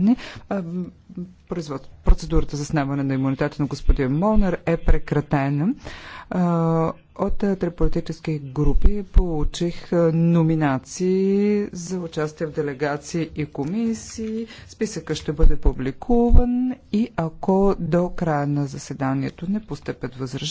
изказване. Процедурата за снимане на имунитета на господин Молнер е прекратена. От три политически групи получих номинации за участие в делегации и комисии. Списъка ще бъде публикуван и ако до края на заседанието не постъпят възражения,